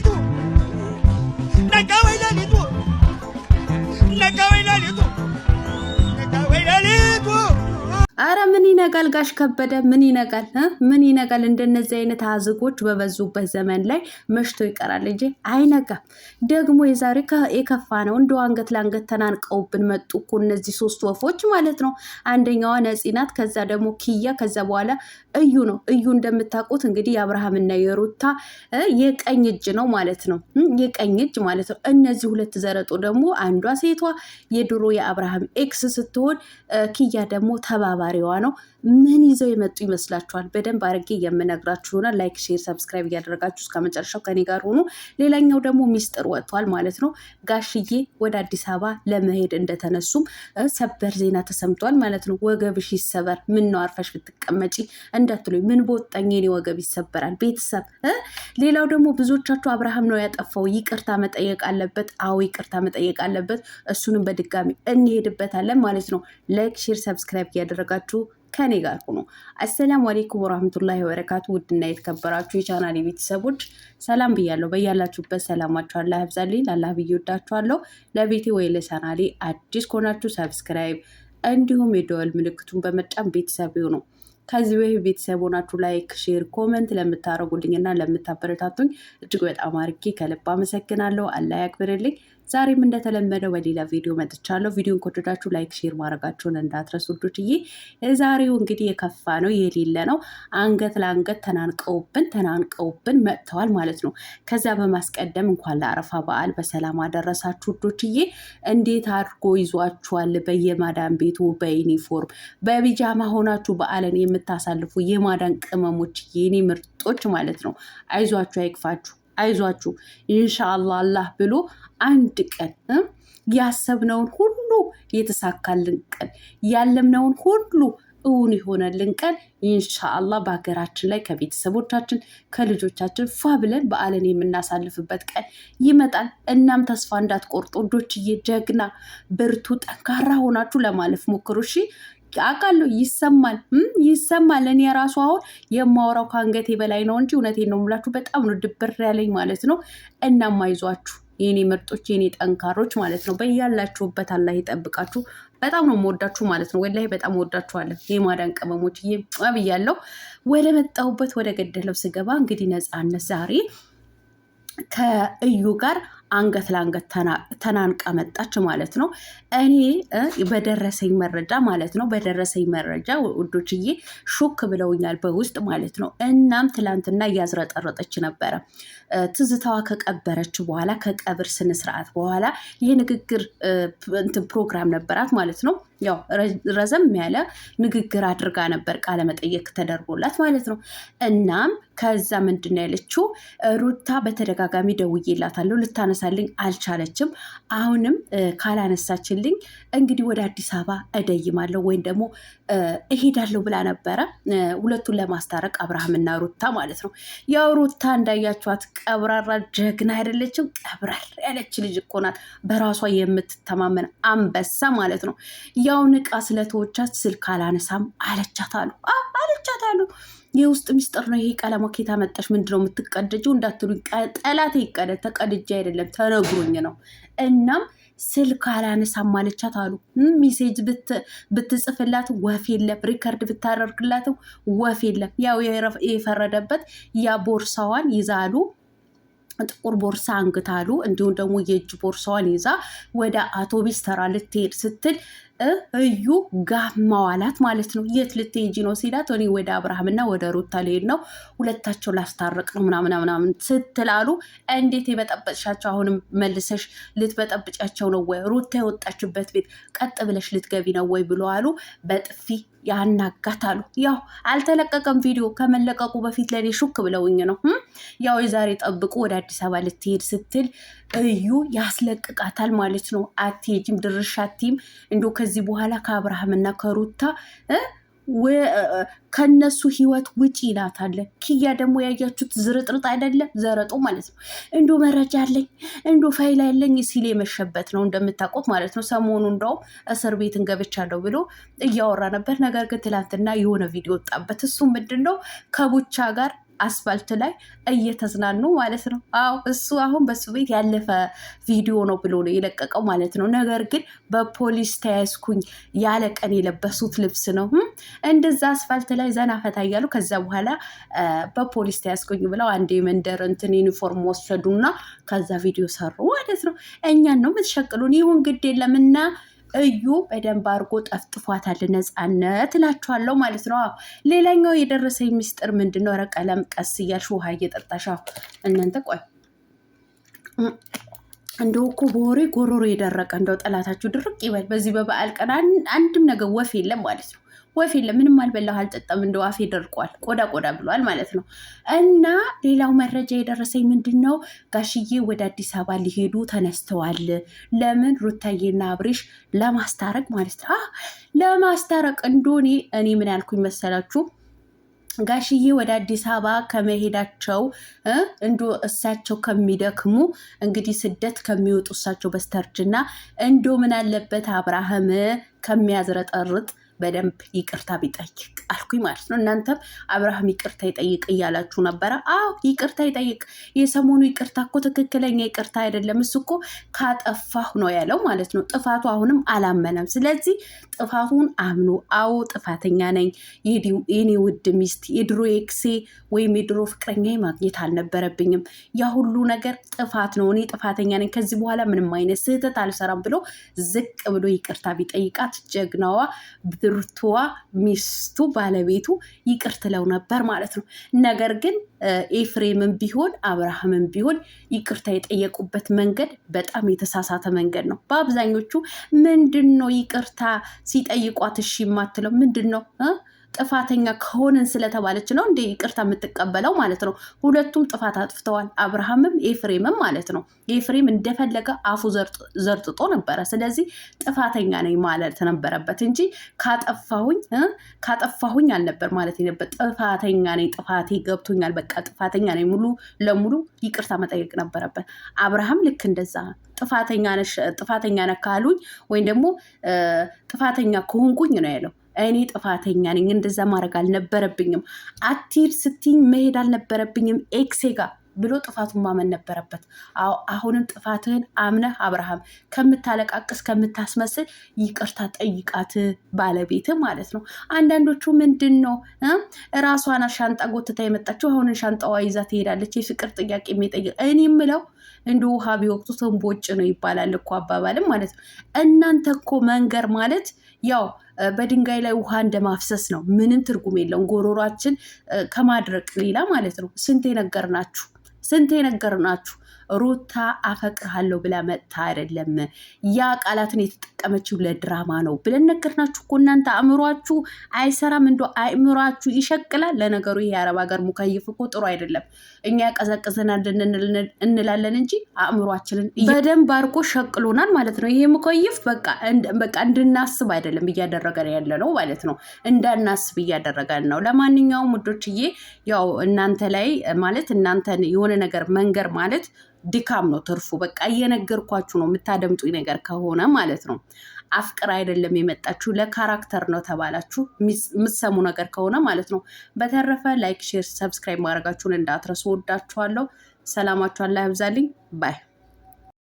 哎。አረ ምን ይነጋል ጋሽ ከበደ ምን ይነጋል ምን ይነጋል። እንደነዚህ አይነት አዝጎች በበዙበት ዘመን ላይ መሽቶ ይቀራል እንጂ አይነጋም። ደግሞ የዛሬ የከፋ ነው። እንደው አንገት ለአንገት ተናንቀውብን መጡ እኮ እነዚህ ሶስት ወፎች ማለት ነው። አንደኛዋ ነፂ ናት፣ ከዛ ደግሞ ኪያ፣ ከዛ በኋላ እዩ ነው። እዩ እንደምታውቁት እንግዲህ የአብርሃምና የሩታ የቀኝ እጅ ነው ማለት ነው። የቀኝ እጅ ማለት ነው። እነዚህ ሁለት ዘረጦ ደግሞ አንዷ ሴቷ የድሮ የአብርሃም ኤክስ ስትሆን ኪያ ደግሞ ተባባ no ምን ይዘው የመጡ ይመስላችኋል? በደንብ አድርጌ የምነግራችሁ ይሆናል። ላይክ፣ ሼር፣ ሰብስክራይብ እያደረጋችሁ እስከ መጨረሻው ከኔ ጋር ሆኑ። ሌላኛው ደግሞ ሚስጥር ወጥቷል ማለት ነው። ጋሽዬ ወደ አዲስ አበባ ለመሄድ እንደተነሱም ሰበር ዜና ተሰምቷል ማለት ነው። ወገብሽ ይሰበር፣ ምን ነው አርፈሽ ብትቀመጪ እንዳትሉ፣ ምን በወጣኝ የኔ ወገብ ይሰበራል። ቤተሰብ ሌላው ደግሞ ብዙዎቻችሁ አብርሃም ነው ያጠፋው፣ ይቅርታ መጠየቅ አለበት። አዎ ይቅርታ መጠየቅ አለበት። እሱንም በድጋሚ እንሄድበታለን ማለት ነው። ላይክ ሼር ሰብስክራይብ እያደረጋችሁ ከኔ ጋር ሁኑ። አሰላሙ አሌይኩም ወራህመቱላሂ ወበረካቱ። ውድና የተከበራችሁ የቻናል ቤተሰቦች ሰላም ብያለሁ። በያላችሁበት ሰላማችሁ አላ ያብዛልኝ። ላላህ ብዬ ወዳችኋለሁ። ለቤቴ ወይ ለቻናሌ አዲስ ከሆናችሁ ሰብስክራይብ እንዲሁም የደወል ምልክቱን በመጫን ቤተሰብ ይሁኑ። ከዚህ በፊት ቤተሰብ ሆናችሁ ላይክ፣ ሼር፣ ኮመንት ለምታደረጉልኝ እና ለምታበረታቱኝ እጅግ በጣም አርጌ ከልብ አመሰግናለሁ። አላህ ያክብርልኝ። ዛሬም እንደተለመደ በሌላ ቪዲዮ መጥቻለሁ። ቪዲዮን ከወደዳችሁ ላይክ፣ ሼር ማድረጋችሁን እንዳትረሱ ውዶችዬ። የዛሬው እንግዲህ የከፋ ነው የሌለ ነው። አንገት ለአንገት ተናንቀውብን ተናንቀውብን መጥተዋል ማለት ነው። ከዛ በማስቀደም እንኳን ለአረፋ በዓል በሰላም አደረሳችሁ ውዶችዬ። እንዴት አድርጎ ይዟችኋል? በየማዳን ቤቱ በዩኒፎርም በቢጃማ ሆናችሁ በዓልን የምታሳልፉ የማዳን ቅመሞች የኔ ምርጦች ማለት ነው። አይዟችሁ አይክፋችሁ አይዟችሁ ኢንሻአላ አላህ ብሎ አንድ ቀን ያሰብነውን ሁሉ የተሳካልን ቀን ያለምነውን ሁሉ እውን የሆነልን ቀን ኢንሻአላ በሀገራችን ላይ ከቤተሰቦቻችን ከልጆቻችን ፋ ብለን በዓልን የምናሳልፍበት ቀን ይመጣል። እናም ተስፋ እንዳትቆርጡ ወዶችዬ፣ ጀግና፣ ብርቱ፣ ጠንካራ ሆናችሁ ለማለፍ ሞክሩ እሺ። አውቃለሁ ይሰማል ይሰማል። እኔ የራሱ አሁን የማወራው ከአንገቴ በላይ ነው እንጂ እውነቴን ነው የምላችሁ። በጣም ነው ድብር ያለኝ ማለት ነው። እናም አይዟችሁ የኔ ምርጦች፣ የኔ ጠንካሮች ማለት ነው። በያላችሁበት አላህ ይጠብቃችሁ። በጣም ነው የምወዳችሁ ማለት ነው። ወላሂ በጣም ወዳችኋለሁ። የማዳን ቅመሞች ብያለሁ። ወደ መጣሁበት ወደ ገደለው ስገባ እንግዲህ ነፃነት ዛሬ ከእዩ ጋር አንገት ለአንገት ተናንቃ መጣች ማለት ነው። እኔ በደረሰኝ መረጃ ማለት ነው በደረሰኝ መረጃ ውዶችዬ ሹክ ብለውኛል በውስጥ ማለት ነው። እናም ትላንትና እያዝረጠረጠች ነበረ ትዝታዋ ከቀበረች በኋላ ከቀብር ስነስርዓት በኋላ የንግግር እንትን ፕሮግራም ነበራት ማለት ነው። ያው ረዘም ያለ ንግግር አድርጋ ነበር ቃለመጠየቅ ተደርጎላት ማለት ነው። እናም ከዛ ምንድን ነው ያለችው ሩታ በተደጋጋሚ ደውዬላታለሁ ልታነሳ ልታነሳልኝ አልቻለችም። አሁንም ካላነሳችልኝ እንግዲህ ወደ አዲስ አበባ እደይማለሁ ወይም ደግሞ እሄዳለሁ ብላ ነበረ። ሁለቱን ለማስታረቅ አብርሃምና ሩታ ማለት ነው። ያው ሩታ እንዳያችኋት ቀብራራ ጀግና አይደለችም። ቀብራር ያለች ልጅ እኮ ናት። በራሷ የምትተማመን አንበሳ ማለት ነው። ያው ንቃ ስለተወቻት ስልክ አላነሳም አለቻት አሉ አለቻት አሉ የውስጥ ሚስጥር ነው ይሄ ቀለማ ኬታ መጣሽ? ምንድነው የምትቀደጀው እንዳትሉ ጠላት ይቀደ ተቀድጄ አይደለም ተነግሮኝ ነው። እናም ስልክ አላነሳም ማለቻት አሉ። ሚሴጅ ብትጽፍላት ወፍ የለም፣ ሪከርድ ብታደርግላት ወፍ የለም። ያው የፈረደበት ያ ቦርሳዋን ይዛሉ ጥቁር ቦርሳ አንግታሉ። እንዲሁም ደግሞ የእጅ ቦርሳዋን ይዛ ወደ አውቶቢስ ተራ ልትሄድ ስትል እዩ ጋማዋላት ማለት ነው። የት ልትሄጂ ነው ሲላት እኔ ወደ አብርሃምና ወደ ሩታ ልሄድ ነው ሁለታቸው ላስታርቅ ነው ምናምን ምናምን ስትላሉ እንዴት የበጠበጥሻቸው አሁንም መልሰሽ ልትበጠብጫቸው ነው ወይ ሩታ የወጣችበት ቤት ቀጥ ብለሽ ልትገቢ ነው ወይ ብሎ አሉ በጥፊ ያናጋታሉ። ያው አልተለቀቀም ቪዲዮ ከመለቀቁ በፊት ለእኔ ሹክ ብለውኝ ነው። ያው የዛሬ ጠብቁ ወደ አዲስ አበባ ልትሄድ ስትል እዩ ያስለቅቃታል ማለት ነው። አትሄጂም ድርሻቲም እንዲ ከዚህ በኋላ ከአብርሃምና ከሩታ ከነሱ ህይወት ውጪ ይላታለ። ኪያ ደግሞ ያያችሁት ዝርጥርጥ አይደለም ዘረጦ ማለት ነው። እንዶ መረጃ አለኝ እንዶ ፋይል አለኝ ሲል የመሸበት ነው እንደምታውቁት ማለት ነው። ሰሞኑ እንደውም እስር ቤት እንገብቻለሁ ብሎ እያወራ ነበር። ነገር ግን ትላንትና የሆነ ቪዲዮ ወጣበት። እሱ ምንድን ነው ከቡቻ ጋር አስፋልት ላይ እየተዝናኑ ማለት ነው። አዎ እሱ አሁን በሱ ቤት ያለፈ ቪዲዮ ነው ብሎ ነው የለቀቀው ማለት ነው። ነገር ግን በፖሊስ ተያዝኩኝ ያለ ቀን የለበሱት ልብስ ነው። እንደዛ አስፋልት ላይ ዘና ፈታ እያሉ ከዛ በኋላ በፖሊስ ተያዝኩኝ ብለው አንድ የመንደር እንትን ዩኒፎርም ወሰዱና ከዛ ቪዲዮ ሰሩ ማለት ነው። እኛን ነው የምትሸቅሉን። ይሁን ግድ የለምና እዩ በደንብ አድርጎ ጠፍጥፏታል። ነፃነት እላችኋለሁ ማለት ነው። ሌላኛው የደረሰኝ ምስጢር ምንድን ነው? ኧረ ቀለም ቀስ እያልሽ ውሃ እየጠጣሽ እናንተ ቆይ እንደው እኮ በወሬ ጎሮሮ የደረቀ እንደው ጠላታችሁ ድርቅ ይበል። በዚህ በበዓል ቀን አንድም ነገር ወፍ የለም ማለት ነው። ወፍ የለም፣ ምንም አልበላሁ አልጠጣም፣ እንደ አፌ ደርቋል፣ ቆዳ ቆዳ ብሏል ማለት ነው። እና ሌላው መረጃ የደረሰኝ ምንድን ነው፣ ጋሽዬ ወደ አዲስ አበባ ሊሄዱ ተነስተዋል። ለምን ሩታዬና አብሬሽ ለማስታረቅ ማለት ነው፣ ለማስታረቅ እንደሆኔ እኔ ምን ያልኩኝ መሰላችሁ ጋሽዬ ወደ አዲስ አበባ ከመሄዳቸው እንዶ እሳቸው ከሚደክሙ እንግዲህ ስደት ከሚወጡ እሳቸው በስተርጅና እንዶ ምን አለበት አብርሃም ከሚያዝረጠርጥ በደንብ ይቅርታ ቢጠይቅ አልኩኝ ማለት ነው። እናንተም አብርሃም ይቅርታ ይጠይቅ እያላችሁ ነበረ። አዎ ይቅርታ ይጠይቅ። የሰሞኑ ይቅርታ እኮ ትክክለኛ ይቅርታ አይደለም። እሱ እኮ ካጠፋሁ ነው ያለው ማለት ነው። ጥፋቱ አሁንም አላመነም። ስለዚህ ጥፋቱን አምኖ አዎ ጥፋተኛ ነኝ፣ የኔ ውድ ሚስት፣ የድሮ ኤክሴ ወይም የድሮ ፍቅረኛ ማግኘት አልነበረብኝም፣ ያ ሁሉ ነገር ጥፋት ነው፣ እኔ ጥፋተኛ ነኝ፣ ከዚህ በኋላ ምንም አይነት ስህተት አልሰራም ብሎ ዝቅ ብሎ ይቅርታ ቢጠይቃት ጀግናዋ ብርቱዋ ሚስቱ ባለቤቱ ይቅር ትለው ነበር ማለት ነው። ነገር ግን ኤፍሬምን ቢሆን አብርሃምን ቢሆን ይቅርታ የጠየቁበት መንገድ በጣም የተሳሳተ መንገድ ነው። በአብዛኞቹ ምንድን ነው ይቅርታ ሲጠይቋት እሺ የማትለው ምንድን ነው? ጥፋተኛ ከሆንን ስለተባለች ነው እንደ ይቅርታ የምትቀበለው ማለት ነው። ሁለቱም ጥፋት አጥፍተዋል፣ አብርሃምም ኤፍሬምም ማለት ነው። ኤፍሬም እንደፈለገ አፉ ዘርጥጦ ነበረ። ስለዚህ ጥፋተኛ ነኝ ማለት ነበረበት እንጂ ካጠፋሁኝ ካጠፋሁኝ አልነበር ማለት ነበር። ጥፋተኛ ነኝ፣ ጥፋቴ ገብቶኛል፣ በቃ ጥፋተኛ ነኝ፣ ሙሉ ለሙሉ ይቅርታ መጠየቅ ነበረበት። አብርሃም ልክ እንደዛ ጥፋተኛ ነህ ካሉኝ ወይም ደግሞ ጥፋተኛ ከሆንኩኝ ነው ያለው እኔ ጥፋተኛ ነኝ፣ እንደዛ ማድረግ አልነበረብኝም፣ አትሂድ ስትኝ መሄድ አልነበረብኝም ኤክሴ ጋር ብሎ ጥፋቱን ማመን ነበረበት። አዎ አሁንም ጥፋትህን አምነህ አብርሃም ከምታለቃቅስ ከምታስመስል ይቅርታ ጠይቃት ባለቤት ማለት ነው። አንዳንዶቹ ምንድን ነው ራሷን ሻንጣ ጎትታ የመጣችው አሁንን ሻንጣዋ ይዛ ትሄዳለች። የፍቅር ጥያቄ የሚጠይቅ እኔ ምለው እንደ ውሃ ቢወቅቱ ትንቦጭ ነው ይባላል እኮ አባባልም ማለት ነው። እናንተ እኮ መንገር ማለት ያው በድንጋይ ላይ ውሃ እንደማፍሰስ ነው። ምንም ትርጉም የለውም። ጎሮሯችን ከማድረቅ ሌላ ማለት ነው። ስንቴ ነገር ናችሁ? ስንቴ ነገር ናችሁ? ሩታ አፈቅርሃለሁ ብላ መጥታ አይደለም። ያ ቃላትን የተጠቀመችው ለድራማ ነው ብለን ነገርናችሁ እኮ እናንተ አእምሯችሁ አይሰራም፣ እንደ አእምሯችሁ ይሸቅላል። ለነገሩ ይሄ የአረብ ሀገር ሙከይፍ እኮ ጥሩ አይደለም። እኛ ያቀዘቅዘናል እንላለን እንጂ አእምሯችንን በደንብ አድርጎ ሸቅሎናል ማለት ነው። ይሄ ሙከይፍ በቃ እንድናስብ አይደለም እያደረገን ያለ ነው ማለት ነው። እንዳናስብ እያደረገን ነው። ለማንኛውም ውዶችዬ ያው እናንተ ላይ ማለት እናንተን የሆነ ነገር መንገር ማለት ድካም ነው ትርፉ። በቃ እየነገርኳችሁ ነው፣ የምታደምጡ ነገር ከሆነ ማለት ነው። አፍቅር አይደለም የመጣችሁ ለካራክተር ነው ተባላችሁ የምትሰሙ ነገር ከሆነ ማለት ነው። በተረፈ ላይክ፣ ሼር፣ ሰብስክራይብ ማድረጋችሁን እንዳትረሱ። ወዳችኋለሁ። ሰላማችሁ አላህ ያብዛልኝ ባይ